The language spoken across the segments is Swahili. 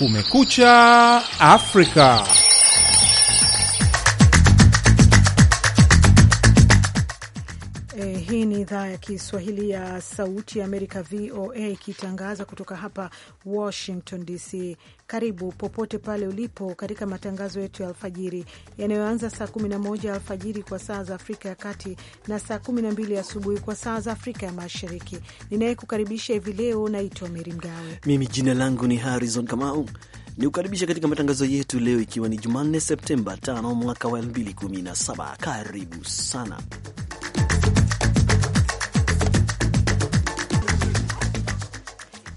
Kumekucha Afrika. Eh, hii ni idhaa ya Kiswahili ya Sauti ya Amerika, VOA, ikitangaza kutoka hapa Washington DC. Karibu popote pale ulipo katika matangazo yetu ya alfajiri yanayoanza saa 11 alfajiri kwa saa za Afrika ya Kati na saa 12 asubuhi kwa saa za Afrika ya Mashariki. Ninayekukaribisha hivi leo naitwa Meri Mgawe. Mimi jina langu ni Harrison Kamau, ni kukaribisha katika matangazo yetu leo, ikiwa ni Jumanne Septemba 5 mwaka wa 2017. Karibu sana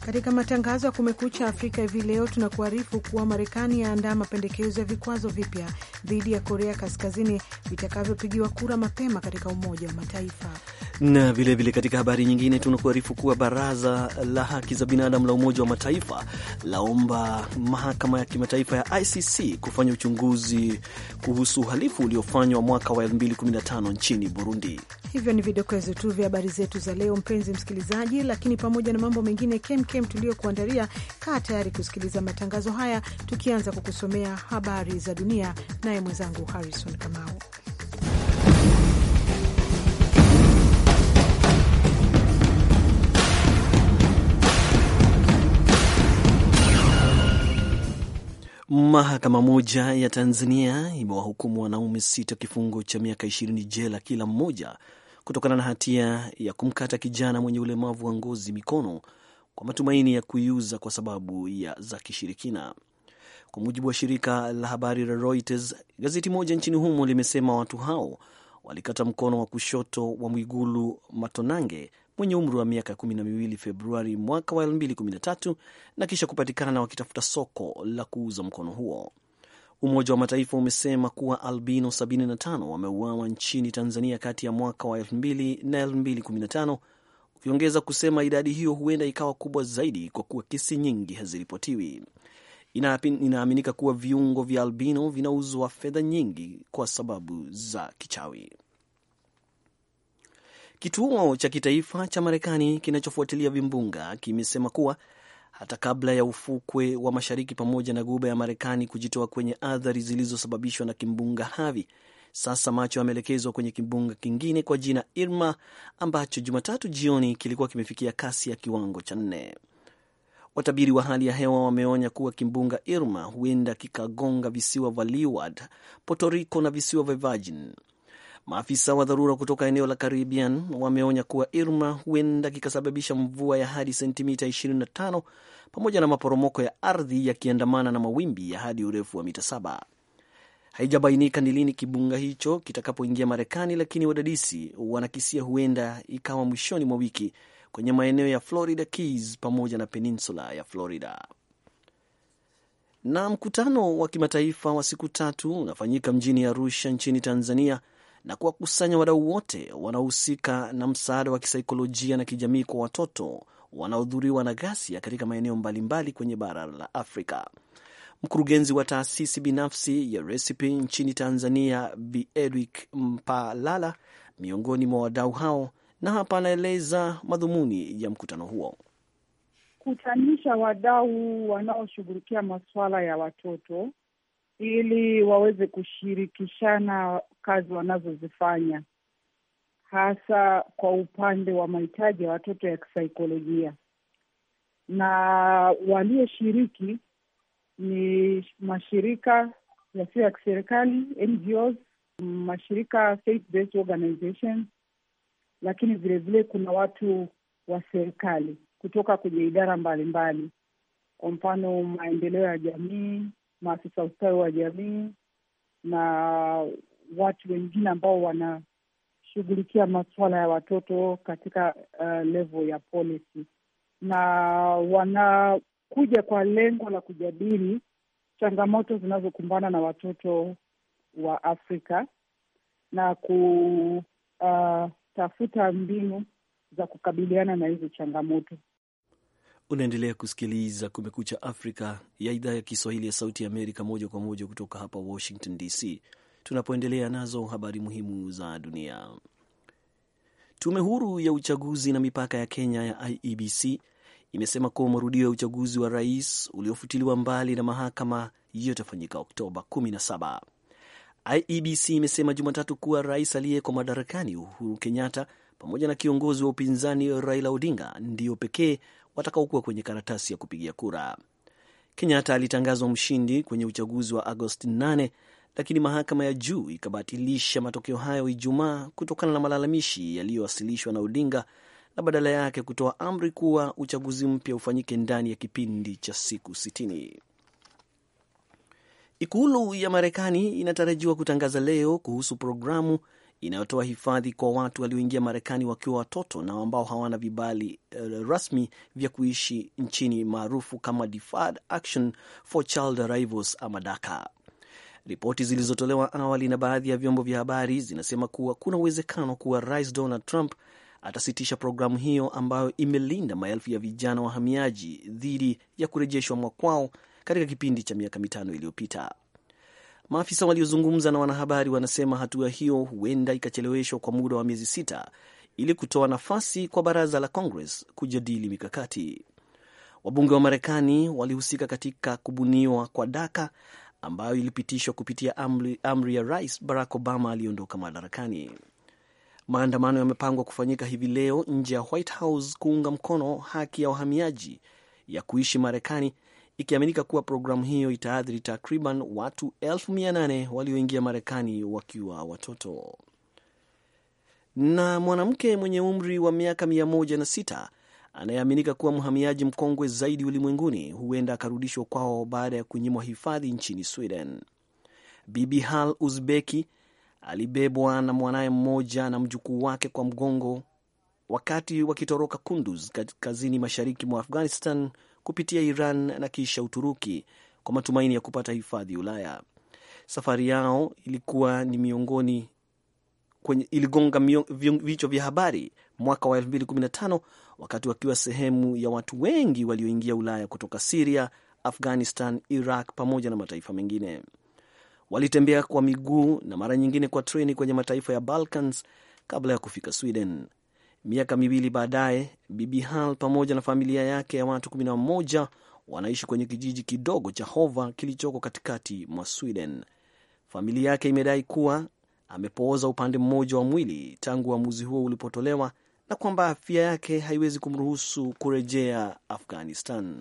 Katika matangazo ya Kumekucha Afrika hivi leo tunakuarifu kuwa Marekani yaandaa mapendekezo ya vikwazo vipya dhidi ya Korea Kaskazini vitakavyopigiwa kura mapema katika Umoja wa Mataifa. Na vilevile vile katika habari nyingine tunakuarifu kuwa Baraza la Haki za Binadamu la Umoja wa Mataifa laomba Mahakama ya Kimataifa ya ICC kufanya uchunguzi kuhusu uhalifu uliofanywa mwaka wa 2015 nchini Burundi. Hivyo ni vidokezo tu vya habari zetu za leo, mpenzi msikilizaji, lakini pamoja na mambo mengine kemkem tuliyokuandalia, kaa tayari kusikiliza matangazo haya, tukianza kukusomea habari za dunia, naye mwenzangu Harrison Kamau. Mahakama moja ya Tanzania imewahukumu wanaume sita kifungo cha miaka ishirini jela kila mmoja kutokana na hatia ya kumkata kijana mwenye ulemavu wa ngozi mikono kwa matumaini ya kuiuza kwa sababu ya za kishirikina. Kwa mujibu wa shirika la habari la Reuters, gazeti moja nchini humo limesema watu hao walikata mkono wa kushoto wa Mwigulu Matonange mwenye umri wa miaka kumi na miwili Februari mwaka wa 213 na kisha kupatikana wakitafuta soko la kuuza mkono huo. Umoja wa Mataifa umesema kuwa albino 75 wameuawa nchini Tanzania kati ya mwaka wa 2000 na 2015, ukiongeza kusema idadi hiyo huenda ikawa kubwa zaidi kwa kuwa kesi nyingi haziripotiwi. Inaaminika kuwa viungo vya albino vinauzwa fedha nyingi kwa sababu za kichawi. Kituo cha kitaifa cha Marekani kinachofuatilia vimbunga kimesema kuwa hata kabla ya ufukwe wa mashariki pamoja na guba ya Marekani kujitoa kwenye athari zilizosababishwa na kimbunga Harvey. Sasa macho yameelekezwa kwenye kimbunga kingine kwa jina Irma ambacho Jumatatu jioni kilikuwa kimefikia kasi ya kiwango cha nne. Watabiri wa hali ya hewa wameonya kuwa kimbunga Irma huenda kikagonga visiwa vya Leeward, Puerto Rico na visiwa vya Virgin. Maafisa wa dharura kutoka eneo la Caribbean wameonya kuwa Irma huenda kikasababisha mvua ya hadi sentimita 25 pamoja na maporomoko ya ardhi yakiandamana na mawimbi ya hadi urefu wa mita saba. Haijabainika ni lini kibunga hicho kitakapoingia Marekani, lakini wadadisi wanakisia huenda ikawa mwishoni mwa wiki kwenye maeneo ya Florida Keys pamoja na peninsula ya Florida. Na mkutano wa kimataifa wa siku tatu unafanyika mjini Arusha nchini Tanzania na kuwakusanya wadau wote wanaohusika na msaada wa kisaikolojia na kijamii kwa watoto wanaodhuriwa na ghasia katika maeneo mbalimbali kwenye bara la Afrika. Mkurugenzi wa taasisi binafsi ya Recipe nchini Tanzania, Bi Eric Mpalala miongoni mwa wadau hao, na hapa anaeleza madhumuni ya mkutano huo. Kutanisha wadau wanaoshughulikia masuala ya watoto ili waweze kushirikishana kazi wanazozifanya hasa kwa upande wa mahitaji ya watoto ya kisaikolojia, na walioshiriki ni mashirika yasiyo ya kiserikali NGOs, mashirika faith based organizations, lakini vilevile kuna watu wa serikali kutoka kwenye idara mbalimbali, kwa mfano maendeleo ya jamii, maafisa ustawi wa jamii na watu wengine ambao wanashughulikia masuala ya watoto katika uh, level ya policy, na wanakuja kwa lengo la kujadili changamoto zinazokumbana na watoto wa Afrika na kutafuta eh, uh, mbinu za kukabiliana na hizo changamoto. Unaendelea kusikiliza Kumekucha Afrika ya idhaa ya Kiswahili ya Sauti ya Amerika, moja kwa moja kutoka hapa Washington DC, tunapoendelea nazo habari muhimu za dunia. Tume huru ya uchaguzi na mipaka ya Kenya ya IEBC imesema kuwa marudio ya uchaguzi wa rais uliofutiliwa mbali na mahakama yatafanyika Oktoba 17. IEBC imesema Jumatatu kuwa rais aliyeko madarakani Uhuru Kenyatta pamoja na kiongozi wa upinzani Raila Odinga ndio pekee watakaokuwa kwenye karatasi ya kupigia kura. Kenyatta alitangazwa mshindi kwenye uchaguzi wa Agosti 8 lakini mahakama ya juu ikabatilisha matokeo hayo Ijumaa kutokana na malalamishi yaliyowasilishwa na Odinga na badala yake kutoa amri kuwa uchaguzi mpya ufanyike ndani ya kipindi cha siku sitini. Ikulu ya Marekani inatarajiwa kutangaza leo kuhusu programu inayotoa hifadhi kwa watu walioingia Marekani wakiwa watoto na ambao hawana vibali uh, rasmi vya kuishi nchini maarufu kama Deferred Action for Child Arrivals ama DACA. Ripoti zilizotolewa awali na baadhi ya vyombo vya habari zinasema kuwa kuna uwezekano kuwa Rais Donald Trump atasitisha programu hiyo ambayo imelinda maelfu ya vijana wahamiaji dhidi ya kurejeshwa mwakwao katika kipindi cha miaka mitano iliyopita. Maafisa waliozungumza na wanahabari wanasema hatua hiyo huenda ikacheleweshwa kwa muda wa miezi sita ili kutoa nafasi kwa baraza la Congress kujadili mikakati. Wabunge wa Marekani walihusika katika kubuniwa kwa daka ambayo ilipitishwa kupitia amri, amri ya Rais Barack Obama aliyeondoka madarakani. Maandamano yamepangwa kufanyika hivi leo nje ya White House kuunga mkono haki ya wahamiaji ya kuishi Marekani ikiaminika kuwa programu hiyo itaathiri takriban watu 8 walioingia Marekani wakiwa watoto. Na mwanamke mwenye umri wa miaka 106 anayeaminika kuwa mhamiaji mkongwe zaidi ulimwenguni huenda akarudishwa kwao baada ya kunyimwa hifadhi nchini Sweden. Bibi Hal Uzbeki alibebwa na mwanaye mmoja na mjukuu wake kwa mgongo wakati wakitoroka Kunduz kazini mashariki mwa Afghanistan kupitia Iran na kisha Uturuki kwa matumaini ya kupata hifadhi Ulaya. Safari yao ilikuwa ni miongoni kwenye, iligonga vichwa vya habari mwaka wa 2015 wakati wakiwa sehemu ya watu wengi walioingia Ulaya kutoka Siria, Afghanistan, Iraq pamoja na mataifa mengine. Walitembea kwa miguu na mara nyingine kwa treni kwenye mataifa ya Balkans kabla ya kufika Sweden. Miaka miwili baadaye, Bibi Hal pamoja na familia yake ya watu 11 wanaishi kwenye kijiji kidogo cha Hova kilichoko katikati mwa Sweden. Familia yake imedai kuwa amepooza upande mmoja wa mwili tangu uamuzi huo ulipotolewa na kwamba afya yake haiwezi kumruhusu kurejea Afghanistan.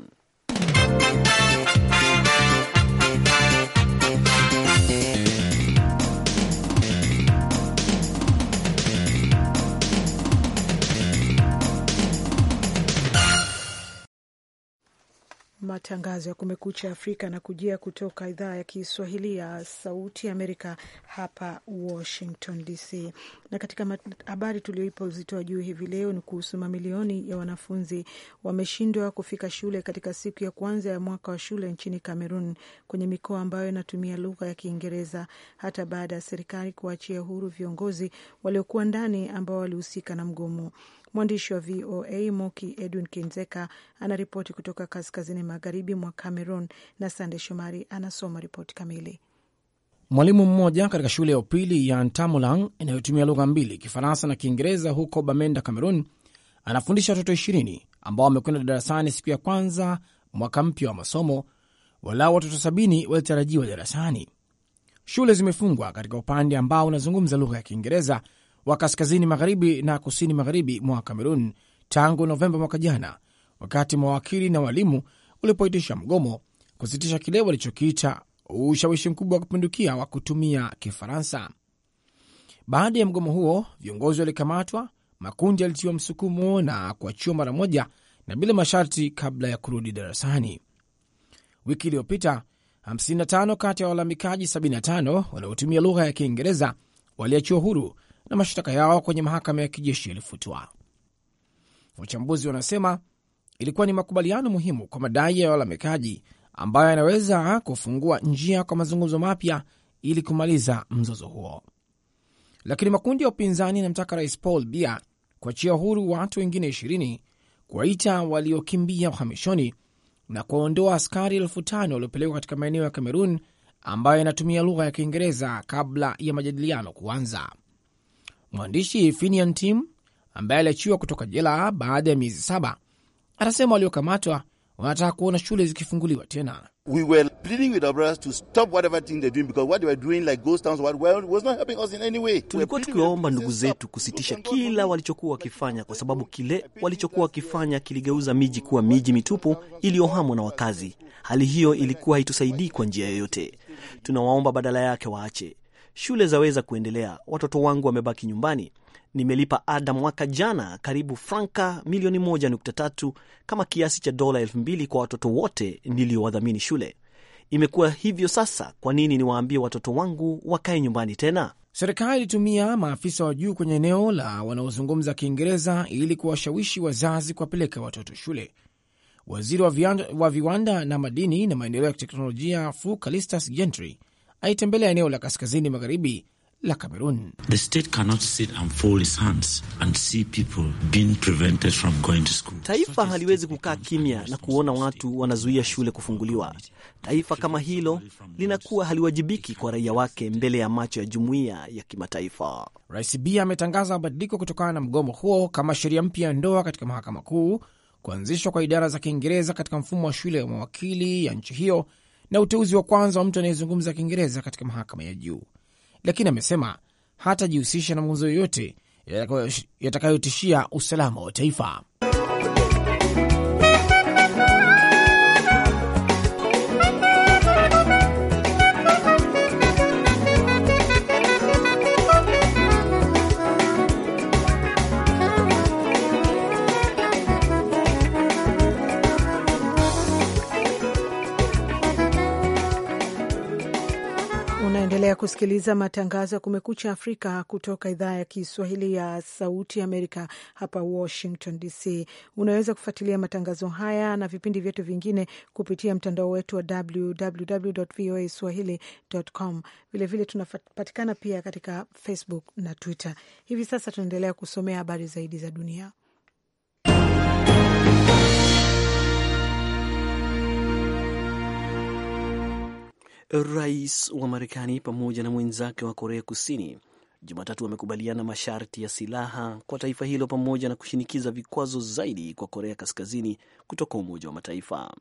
Matangazo ya Kumekucha Afrika na kujia kutoka idhaa ya Kiswahili ya Sauti Amerika hapa Washington DC. Na katika habari tulioipa uzito wa juu hivi leo ni kuhusu mamilioni ya wanafunzi wameshindwa kufika shule katika siku ya kwanza ya mwaka wa shule nchini Cameroon, kwenye mikoa ambayo inatumia lugha ya Kiingereza hata baada ya serikali kuachia huru viongozi waliokuwa ndani ambao walihusika na mgomo. Mwandishi wa VOA Moki Edwin Kinzeka anaripoti kutoka kaskazini magharibi mwa Cameroon na Sande Shomari anasoma ripoti kamili. Mwalimu mmoja katika shule ya upili ya Ntamulang inayotumia lugha mbili, Kifaransa na Kiingereza, huko Bamenda, Cameroon, anafundisha watoto ishirini ambao wamekwenda darasani siku ya kwanza mwaka mpya wa masomo. Walau watoto sabini walitarajiwa darasani. Shule zimefungwa katika upande ambao unazungumza lugha ya Kiingereza wa kaskazini magharibi na kusini magharibi mwa Kamerun tangu Novemba mwaka jana, wakati mawakili na walimu walipoitisha mgomo kusitisha kile walichokiita ushawishi mkubwa wa kupindukia wa kutumia Kifaransa. Baada ya mgomo huo, viongozi walikamatwa, makundi yalitiwa msukumo na kuachiwa mara moja na bila masharti kabla ya kurudi darasani. Wiki iliyopita 55 kati ya walalamikaji 75 wanaotumia lugha ya Kiingereza waliachiwa huru na mashtaka yao kwenye mahakama ya kijeshi yalifutwa. Wachambuzi wanasema ilikuwa ni makubaliano muhimu kwa madai ya walalamikaji ambayo yanaweza kufungua njia kwa mazungumzo mapya ili kumaliza mzozo huo, lakini makundi ya upinzani yanamtaka Rais Paul Bia kuachia uhuru watu wengine ishirini, kuwaita waliokimbia uhamishoni na kuwaondoa askari elfu tano waliopelekwa katika maeneo ya Kamerun ambayo yanatumia lugha ya Kiingereza kabla ya majadiliano kuanza. Mwandishi Finian Tim ambaye aliachiwa kutoka jela baada ya miezi saba anasema waliokamatwa wanataka kuona shule zikifunguliwa tena. Tulikuwa tukiwaomba ndugu zetu kusitisha kila walichokuwa wakifanya, kwa sababu kile walichokuwa wakifanya kiligeuza miji kuwa miji mitupu iliyohamwa na wakazi. Hali hiyo ilikuwa haitusaidii kwa njia yoyote. Tunawaomba badala yake waache shule zaweza kuendelea, watoto wangu wamebaki nyumbani, nimelipa ada mwaka jana karibu franka milioni 1.3 kama kiasi cha dola elfu mbili kwa watoto wote niliowadhamini shule. Imekuwa hivyo sasa, kwa nini niwaambie watoto wangu wakae nyumbani tena? Serikali ilitumia maafisa wa juu kwenye eneo la wanaozungumza Kiingereza ili kuwashawishi wazazi kuwapeleka watoto shule. Waziri wa viwanda na madini na maendeleo ya teknolojia Fu Calistus Gentry aitembelea eneo la kaskazini magharibi la Kamerun. Taifa haliwezi kukaa kimya na kuona watu wanazuia shule kufunguliwa. Taifa kama hilo linakuwa haliwajibiki kwa raia wake mbele ya macho ya jumuiya ya kimataifa. Rais b ametangaza mabadiliko kutokana na mgomo huo kama sheria mpya ya ndoa katika mahakama kuu, kuanzishwa kwa idara za Kiingereza katika mfumo wa shule ya mawakili ya nchi hiyo na uteuzi wa kwanza wa mtu anayezungumza Kiingereza katika mahakama ya juu, lakini amesema hatajihusisha na mauzo yoyote yatakayotishia usalama wa taifa. Unaendelea kusikiliza matangazo ya Kumekucha Afrika kutoka idhaa ya Kiswahili ya Sauti Amerika, hapa Washington DC. Unaweza kufuatilia matangazo haya na vipindi vyetu vingine kupitia mtandao wetu wa www voa swahili.com. Vilevile tunapatikana pia katika Facebook na Twitter. Hivi sasa tunaendelea kusomea habari zaidi za dunia. Rais wa Marekani pamoja na mwenzake wa Korea Kusini Jumatatu wamekubaliana masharti ya silaha kwa taifa hilo pamoja na kushinikiza vikwazo zaidi kwa Korea Kaskazini kutoka Umoja wa Mataifa.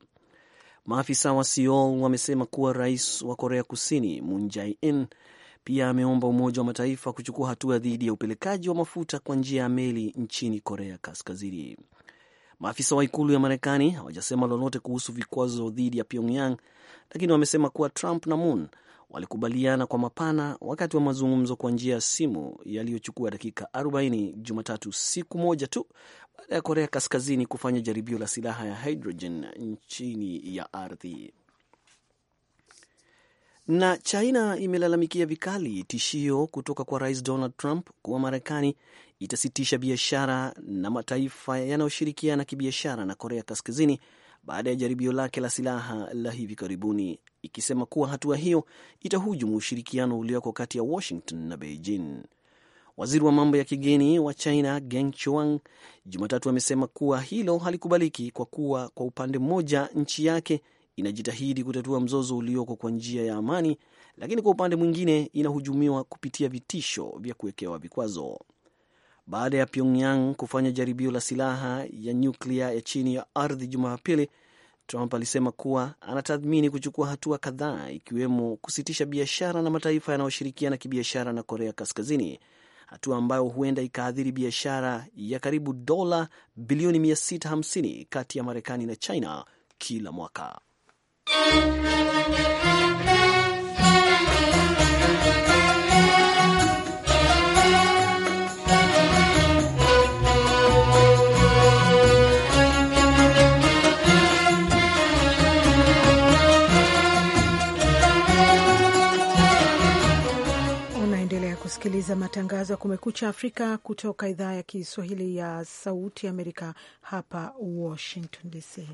Maafisa wa Seoul wamesema kuwa rais wa Korea Kusini Moon Jae-in pia ameomba Umoja wa Mataifa kuchukua hatua dhidi ya upelekaji wa mafuta kwa njia ya meli nchini Korea Kaskazini. Maafisa wa ikulu ya Marekani hawajasema lolote kuhusu vikwazo dhidi ya Pyongyang, lakini wamesema kuwa Trump na Moon walikubaliana kwa mapana wakati wa mazungumzo kwa njia ya simu yaliyochukua dakika 40 Jumatatu, siku moja tu baada ya Korea Kaskazini kufanya jaribio la silaha ya hydrogen chini ya ardhi. Na China imelalamikia vikali tishio kutoka kwa Rais Donald Trump kuwa Marekani itasitisha biashara na mataifa yanayoshirikiana kibiashara na Korea Kaskazini baada ya jaribio lake la silaha la hivi karibuni, ikisema kuwa hatua hiyo itahujumu ushirikiano ulioko kati ya Washington na Beijing. Waziri wa mambo ya kigeni wa China Geng Chuang Jumatatu amesema kuwa hilo halikubaliki kwa kuwa kwa upande mmoja nchi yake inajitahidi kutatua mzozo ulioko kwa njia ya amani, lakini kwa upande mwingine inahujumiwa kupitia vitisho vya kuwekewa vikwazo. Baada ya Pyongyang kufanya jaribio la silaha ya nyuklia ya chini ya ardhi Jumapili, Trump alisema kuwa anatathmini kuchukua hatua kadhaa, ikiwemo kusitisha biashara na mataifa yanayoshirikiana kibiashara na Korea Kaskazini, hatua ambayo huenda ikaathiri biashara ya karibu dola bilioni 650 kati ya Marekani na China kila mwaka za matangazo ya Kumekucha Afrika kutoka idhaa ya Kiswahili ya Sauti Amerika hapa Washington DC.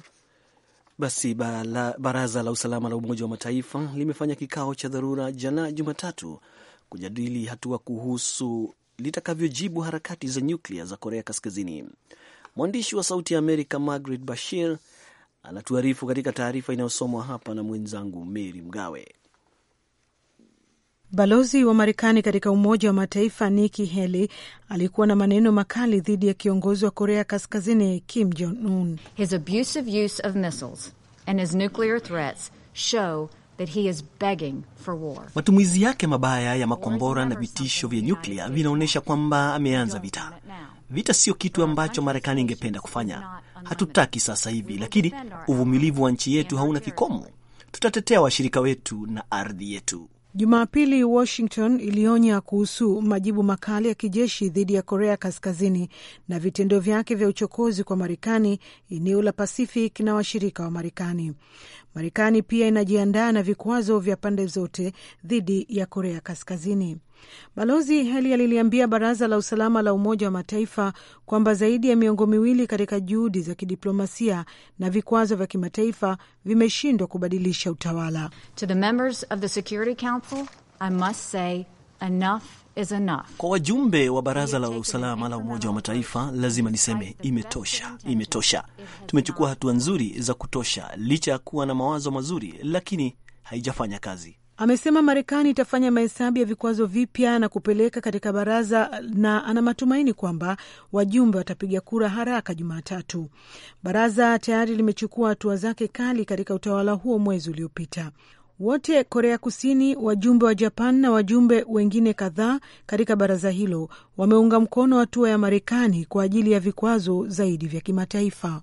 Basi bala, baraza la usalama la Umoja wa Mataifa limefanya kikao cha dharura jana Jumatatu kujadili hatua kuhusu litakavyojibu harakati za nyuklia za Korea Kaskazini. Mwandishi wa Sauti ya Amerika Margaret Bashir anatuarifu katika taarifa inayosomwa hapa na mwenzangu Mary Mgawe. Balozi wa Marekani katika Umoja wa Mataifa Nikki Haley alikuwa na maneno makali dhidi ya kiongozi wa Korea Kaskazini Kim Jong Un. His abusive use of missiles and his nuclear threats show that he is begging for war. Matumizi yake mabaya ya makombora na vitisho vya nyuklia vinaonyesha kwamba ameanza vita. Vita sio kitu ambacho Marekani ingependa kufanya, hatutaki sasa hivi, lakini uvumilivu wa nchi yetu hauna kikomo. Tutatetea washirika wetu na ardhi yetu. Jumapili Washington ilionya kuhusu majibu makali ya kijeshi dhidi ya Korea Kaskazini na vitendo vyake vya uchokozi kwa Marekani, eneo la Pacific na washirika wa Marekani. Marekani pia inajiandaa na vikwazo vya pande zote dhidi ya Korea Kaskazini. Balozi heli aliliambia baraza la usalama la Umoja wa Mataifa kwamba zaidi ya miongo miwili katika juhudi za kidiplomasia na vikwazo vya kimataifa vimeshindwa kubadilisha utawala. To the members of the Security Council, I must say enough is enough. Kwa wajumbe wa baraza la usalama la Umoja wa Mataifa lazima niseme imetosha, imetosha. Tumechukua hatua nzuri za kutosha, licha ya kuwa na mawazo mazuri, lakini haijafanya kazi amesema Marekani itafanya mahesabu ya vikwazo vipya na kupeleka katika baraza na ana matumaini kwamba wajumbe watapiga kura haraka Jumatatu. Baraza tayari limechukua hatua zake kali katika utawala huo mwezi uliopita. Wote Korea Kusini, wajumbe wa Japan na wajumbe wengine kadhaa katika baraza hilo wameunga mkono hatua ya Marekani kwa ajili ya vikwazo zaidi vya kimataifa.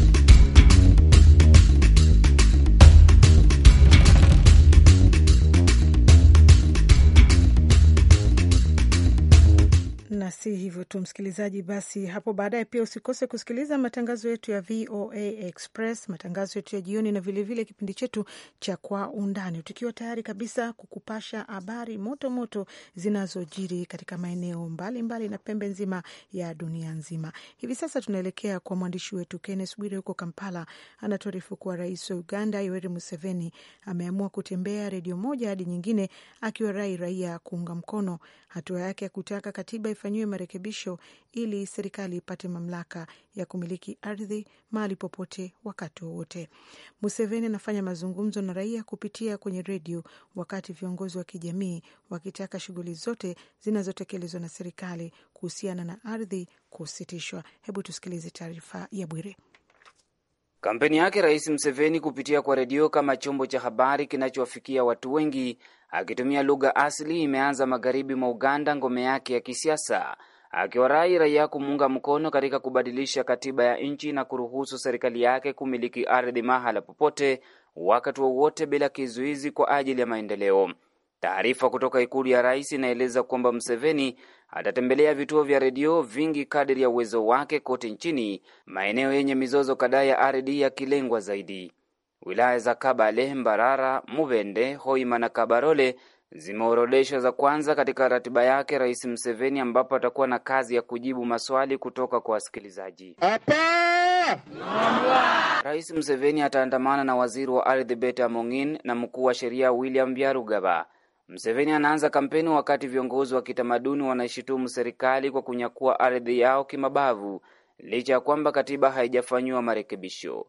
Basi hivyo tu msikilizaji, basi hapo baadaye pia usikose kusikiliza matangazo yetu ya VOA Express, matangazo yetu ya jioni, na vilevile kipindi chetu cha Kwa Undani, tukiwa tayari kabisa kukupasha habari moto moto zinazojiri katika maeneo mbalimbali mbali na pembe nzima ya dunia nzima. Hivi sasa tunaelekea kwa mwandishi wetu kennes Bwire huko Kampala, anatuarifu kuwa rais wa Uganda Yoweri Museveni ameamua kutembea redio moja hadi nyingine, akiwarai raia kuunga mkono hatua yake ya kutaka katiba ifanyiwe marekebisho ili serikali ipate mamlaka ya kumiliki ardhi mahali popote wakati wowote. Museveni anafanya mazungumzo na raia kupitia kwenye redio, wakati viongozi wa kijamii wakitaka shughuli zote zinazotekelezwa na serikali kuhusiana na ardhi kusitishwa. Hebu tusikilize taarifa ya Bwire. Kampeni yake Rais Mseveni kupitia kwa redio kama chombo cha habari kinachowafikia watu wengi akitumia lugha asili imeanza magharibi mwa Uganda ngome yake ya kisiasa, akiwarai raia kumuunga mkono katika kubadilisha katiba ya nchi na kuruhusu serikali yake kumiliki ardhi mahala popote wakati wowote bila kizuizi kwa ajili ya maendeleo. Taarifa kutoka ikulu ya rais inaeleza kwamba Mseveni atatembelea vituo vya redio vingi kadiri ya uwezo wake kote nchini, maeneo yenye mizozo kadhaa ya ardhi yakilengwa zaidi. Wilaya za Kabale, Mbarara, Mubende, Hoima na Kabarole zimeorodeshwa za kwanza katika ratiba yake Rais Mseveni, ambapo atakuwa na kazi ya kujibu maswali kutoka kwa wasikilizaji. Rais Mseveni ataandamana na waziri wa ardhi Beta Mong'in na mkuu wa sheria William Byarugaba. Mseveni anaanza kampeni wakati viongozi wa kitamaduni wanaishitumu serikali kwa kunyakua ardhi yao kimabavu licha ya kwamba katiba haijafanyiwa marekebisho.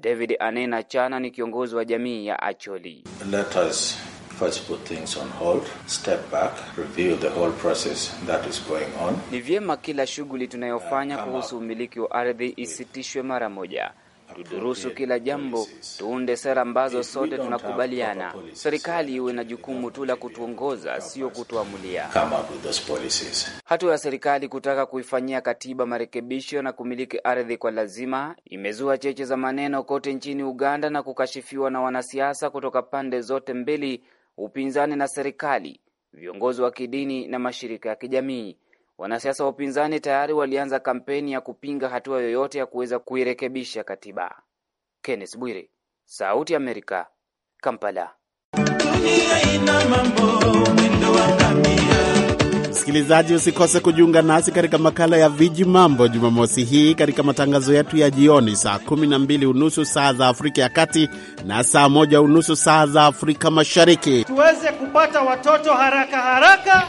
David Anena Chana ni kiongozi wa jamii ya Acholi. Let us first put things on hold, step back, review the whole process that is going on. Ni vyema kila shughuli tunayofanya kuhusu umiliki wa ardhi isitishwe mara moja tudurusu kila jambo, tuunde sera ambazo sote tunakubaliana. Serikali iwe na jukumu tu la kutuongoza, sio kutuamulia. Hatua ya serikali kutaka kuifanyia katiba marekebisho na kumiliki ardhi kwa lazima imezua cheche za maneno kote nchini Uganda na kukashifiwa na wanasiasa kutoka pande zote mbili, upinzani na serikali, viongozi wa kidini na mashirika ya kijamii. Wanasiasa wa upinzani tayari walianza kampeni ya kupinga hatua yoyote ya kuweza kuirekebisha katiba. Kenneth Bwire, Sauti ya Amerika, Kampala. Msikilizaji, usikose kujiunga nasi katika makala ya Viji Mambo Jumamosi hii katika matangazo yetu ya jioni saa 12 unusu saa za Afrika ya Kati na saa moja unusu saa za Afrika Mashariki, tuweze kupata watoto haraka haraka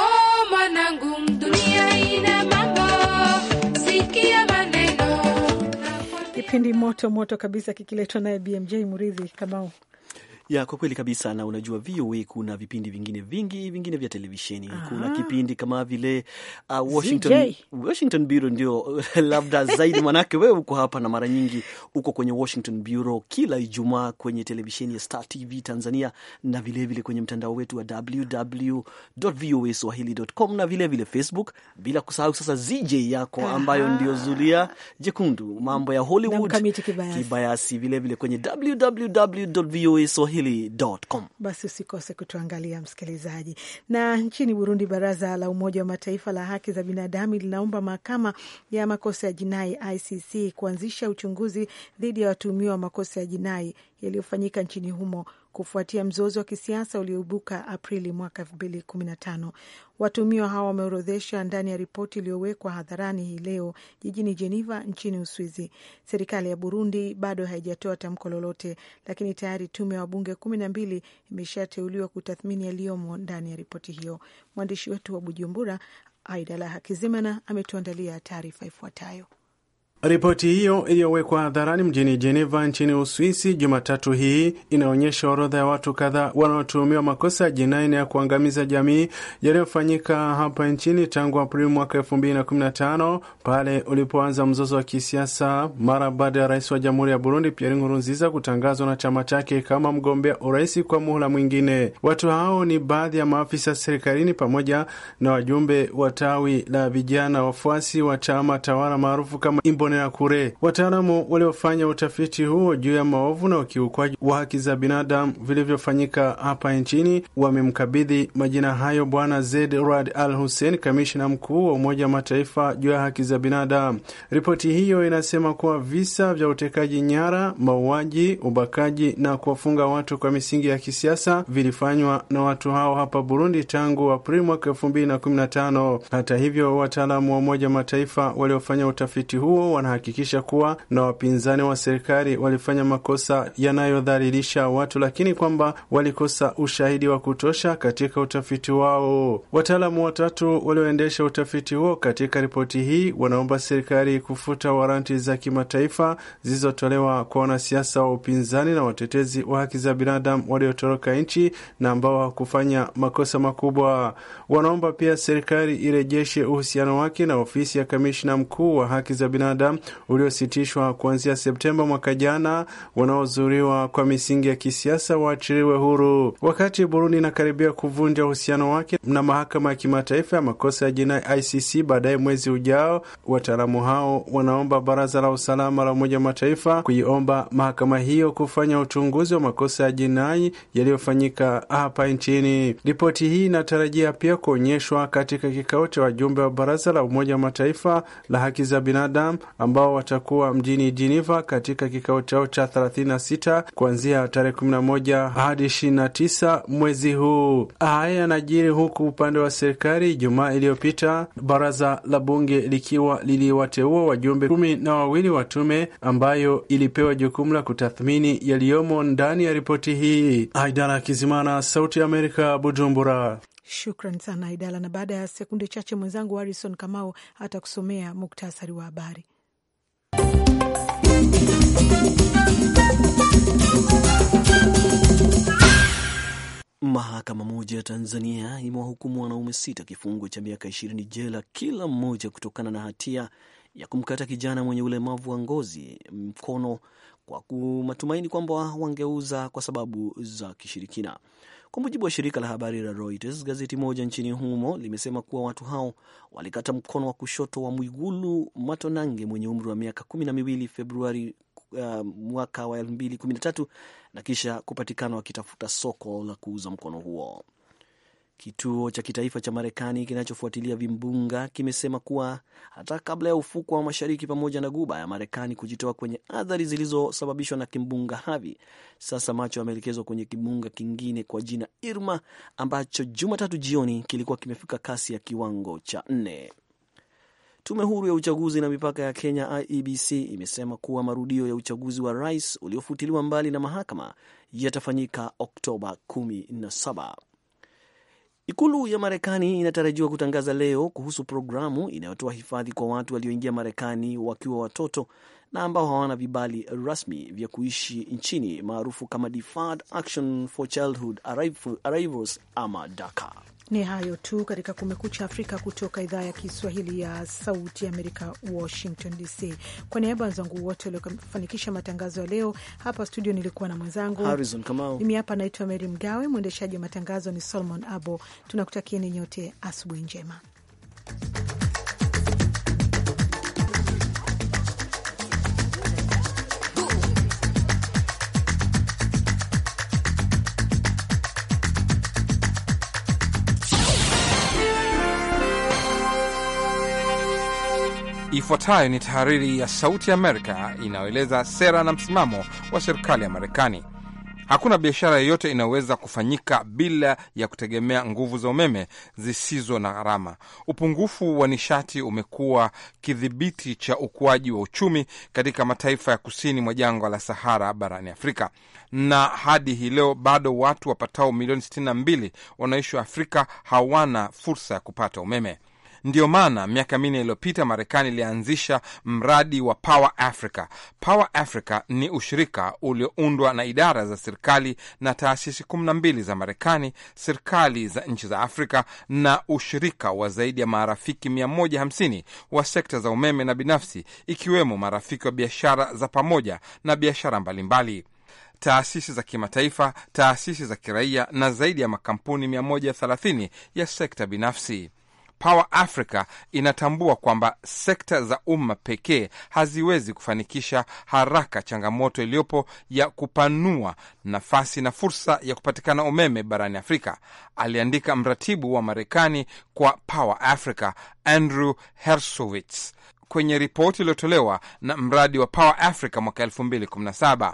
Kipindi moto moto kabisa kikiletwa naye BMJ Muridhi Kamau ya kwa kweli kabisa. Na unajua VOA kuna vipindi vingine vingi vingine vya televisheni. Kuna kipindi kama vile uh, Washington, Washington Bureau ndio labda zaidi, manake wewe uko hapa na mara nyingi uko kwenye Washington Bureau kila Ijumaa kwenye televisheni ya Star TV Tanzania na vilevile vile kwenye mtandao wetu wa www.voaswahili.com na vilevile vile Facebook, bila kusahau sasa ZJ yako ambayo ndio zulia jekundu, mambo ya Hollywood kibayasi, vilevile kwenye www.voaswahili swahili.com. Basi usikose kutuangalia msikilizaji. Na nchini Burundi, baraza la Umoja wa Mataifa la haki za binadamu linaomba mahakama ya makosa ya jinai ICC kuanzisha uchunguzi dhidi ya watuhumiwa wa makosa ya jinai yaliyofanyika nchini humo kufuatia mzozo wa kisiasa ulioibuka Aprili mwaka 2015. Watumiwa hawa wameorodhesha ndani ya ripoti iliyowekwa hadharani hii leo jijini Jeneva nchini Uswizi. Serikali ya Burundi bado haijatoa tamko lolote, lakini tayari tume ya wabunge kumi na mbili imeshateuliwa kutathmini yaliyomo ndani ya ripoti hiyo. Mwandishi wetu wa Bujumbura, Aidala Hakizimana, ametuandalia taarifa ifuatayo. Ripoti hiyo iliyowekwa hadharani mjini Jeneva nchini Uswisi Jumatatu hii inaonyesha orodha ya watu kadhaa wanaotuhumiwa makosa ya jinai na ya kuangamiza jamii yaliyofanyika hapa nchini tangu Aprili mwaka tano pale ulipoanza mzozo wa kisiasa mara baada ya rais wa jamhuri ya Burundi Pierre Nkurunziza kutangazwa na chama chake kama mgombea urais kwa muhula mwingine. Watu hao ni baadhi ya maafisa serikalini pamoja na wajumbe wa tawi la vijana wafuasi wa chama tawala maarufu kama Imbo kure Wataalamu waliofanya utafiti huo juu ya maovu na ukiukwaji wa haki za binadamu vilivyofanyika hapa nchini wamemkabidhi majina hayo Bwana Zed Rad Al Hussein, kamishna mkuu wa Umoja wa Mataifa juu ya haki za binadamu. Ripoti hiyo inasema kuwa visa vya utekaji nyara, mauaji, ubakaji na kuwafunga watu kwa misingi ya kisiasa vilifanywa na watu hao hapa Burundi tangu Aprili mwaka elfu mbili na kumi na tano. Hata hivyo, wataalamu wa Umoja wa Mataifa waliofanya utafiti huo wanahakikisha kuwa na wapinzani wa serikali walifanya makosa yanayodhalilisha watu, lakini kwamba walikosa ushahidi wa kutosha katika utafiti wao. Wataalamu watatu walioendesha utafiti huo katika ripoti hii wanaomba serikali kufuta waranti za kimataifa zilizotolewa kwa wanasiasa wa upinzani na watetezi wa haki za binadamu waliotoroka nchi na ambao hawakufanya makosa makubwa. Wanaomba pia serikali irejeshe uhusiano wake na ofisi ya kamishna mkuu wa haki za binadamu uliositishwa kuanzia Septemba mwaka jana, wanaozuriwa kwa misingi ya kisiasa waachiliwe huru. Wakati Burundi inakaribia kuvunja uhusiano wake na mahakama ya kimataifa ya makosa ya jinai ICC baadaye mwezi ujao, wataalamu hao wanaomba baraza la usalama la Umoja wa Mataifa kuiomba mahakama hiyo kufanya uchunguzi wa makosa ya jinai yaliyofanyika hapa nchini. Ripoti hii inatarajia pia kuonyeshwa katika kikao cha wajumbe wa baraza la Umoja wa Mataifa la haki za binadamu ambao watakuwa mjini Geneva katika kikao chao cha 36 kuanzia tarehe 11 hadi 29 mwezi huu. Haya yanajiri huku upande wa serikali Jumaa iliyopita baraza la bunge likiwa liliwateua wajumbe kumi na wawili wa tume ambayo ilipewa jukumu la kutathmini yaliyomo ndani ya ripoti hii. Aidara Kizimana, Sauti ya Amerika, Bujumbura. Shukran sana Idala. Na baada ya sekunde chache, mwenzangu Harison Kamau atakusomea muktasari wa habari. Mahakama moja ya Tanzania imewahukumu wanaume sita kifungo cha miaka ishirini jela kila mmoja kutokana na hatia ya kumkata kijana mwenye ulemavu wa ngozi mkono kwa matumaini kwamba wangeuza kwa sababu za kishirikina. Kwa mujibu wa shirika la habari la Reuters, gazeti moja nchini humo limesema kuwa watu hao walikata mkono wa kushoto wa Mwigulu Matonange mwenye umri wa miaka kumi na miwili Februari Uh, mwaka wa 2013 na kisha kupatikana wakitafuta soko la kuuza mkono huo. Kituo cha kitaifa cha Marekani kinachofuatilia vimbunga kimesema kuwa hata kabla ya ufukwa wa mashariki pamoja na guba ya Marekani kujitoa kwenye athari zilizosababishwa na kimbunga Harvey, sasa macho yameelekezwa kwenye kimbunga kingine kwa jina Irma ambacho Jumatatu jioni kilikuwa kimefika kasi ya kiwango cha nne. Tume huru ya uchaguzi na mipaka ya Kenya, IEBC, imesema kuwa marudio ya uchaguzi wa rais uliofutiliwa mbali na mahakama yatafanyika Oktoba 17. Ikulu ya Marekani inatarajiwa kutangaza leo kuhusu programu inayotoa hifadhi kwa watu walioingia Marekani wakiwa watoto na ambao hawana vibali rasmi vya kuishi nchini maarufu kama Deferred Action for Childhood Arrivals ama DACA. Ni hayo tu katika Kumekucha Afrika kutoka idhaa ya Kiswahili ya Sauti Amerika, Washington DC. Kwa niaba ya wenzangu wote waliofanikisha matangazo ya leo hapa studio, nilikuwa na mwenzangu Harrison Kamau. Mimi hapa naitwa Mary Mgawe, mwendeshaji wa matangazo ni Solomon Abo. Tunakutakieni nyote asubuhi njema. Ifuatayo ni tahariri ya Sauti ya Amerika inayoeleza sera na msimamo wa serikali ya Marekani. Hakuna biashara yoyote inayoweza kufanyika bila ya kutegemea nguvu za umeme zisizo na gharama. Upungufu wa nishati umekuwa kidhibiti cha ukuaji wa uchumi katika mataifa ya kusini mwa jangwa la Sahara barani Afrika, na hadi hii leo bado watu wapatao milioni 62 wanaoishi Afrika hawana fursa ya kupata umeme. Ndiyo maana miaka minne iliyopita Marekani ilianzisha mradi wa Power Africa. Power Africa ni ushirika ulioundwa na idara za serikali na taasisi kumi na mbili za Marekani, serikali za nchi za Afrika na ushirika wa zaidi ya marafiki 150 wa sekta za umeme na binafsi, ikiwemo marafiki wa biashara za pamoja na biashara mbalimbali taasisi za kimataifa, taasisi za kiraia na zaidi ya makampuni 130 ya sekta binafsi. Power Africa inatambua kwamba sekta za umma pekee haziwezi kufanikisha haraka changamoto iliyopo ya kupanua nafasi na fursa ya kupatikana umeme barani Afrika, aliandika mratibu wa Marekani kwa Power Africa Andrew Hersowitz kwenye ripoti iliyotolewa na mradi wa Power Africa mwaka 2017.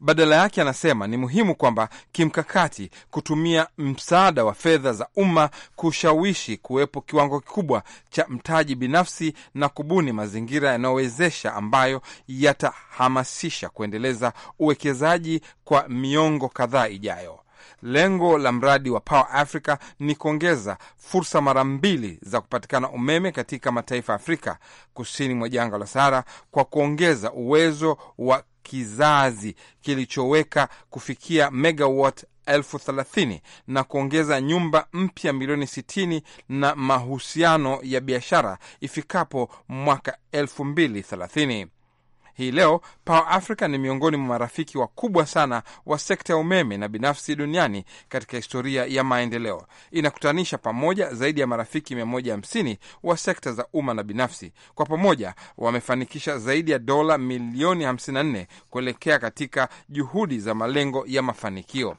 Badala yake, anasema ni muhimu kwamba kimkakati kutumia msaada wa fedha za umma kushawishi kuwepo kiwango kikubwa cha mtaji binafsi na kubuni mazingira yanayowezesha ambayo yatahamasisha kuendeleza uwekezaji kwa miongo kadhaa ijayo. Lengo la mradi wa Power Africa ni kuongeza fursa mara mbili za kupatikana umeme katika mataifa ya Afrika kusini mwa jangwa la Sahara kwa kuongeza uwezo wa kizazi kilichoweka kufikia megawatt elfu thelathini na kuongeza nyumba mpya milioni sitini na mahusiano ya biashara ifikapo mwaka elfu mbili thelathini. Hii leo Power Africa ni miongoni mwa marafiki wakubwa sana wa sekta ya umeme na binafsi duniani katika historia ya maendeleo. Inakutanisha pamoja zaidi ya marafiki 150 wa sekta za umma na binafsi. Kwa pamoja wamefanikisha zaidi ya dola milioni 54 kuelekea katika juhudi za malengo ya mafanikio.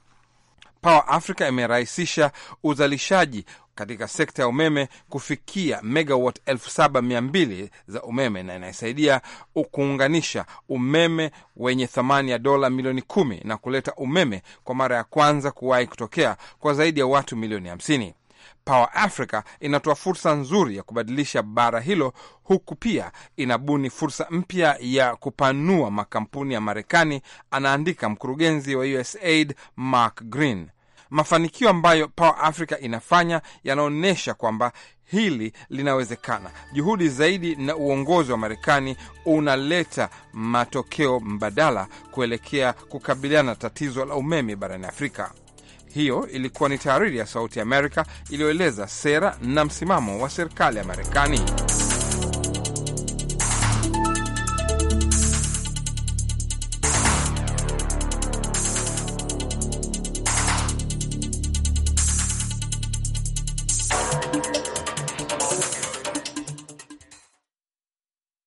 Power Africa imerahisisha uzalishaji katika sekta ya umeme kufikia megawat 7200 za umeme na inasaidia kuunganisha umeme wenye thamani ya dola milioni kumi na kuleta umeme kwa mara ya kwanza kuwahi kutokea kwa zaidi ya watu milioni 50. Power Africa inatoa fursa nzuri ya kubadilisha bara hilo, huku pia inabuni fursa mpya ya kupanua makampuni ya Marekani, anaandika mkurugenzi wa USAID Mark Green. Mafanikio ambayo Power Africa inafanya yanaonyesha kwamba hili linawezekana. Juhudi zaidi na uongozi wa Marekani unaleta matokeo mbadala kuelekea kukabiliana na tatizo la umeme barani Afrika. Hiyo ilikuwa ni tahariri ya Sauti ya Amerika iliyoeleza sera na msimamo wa serikali ya Marekani.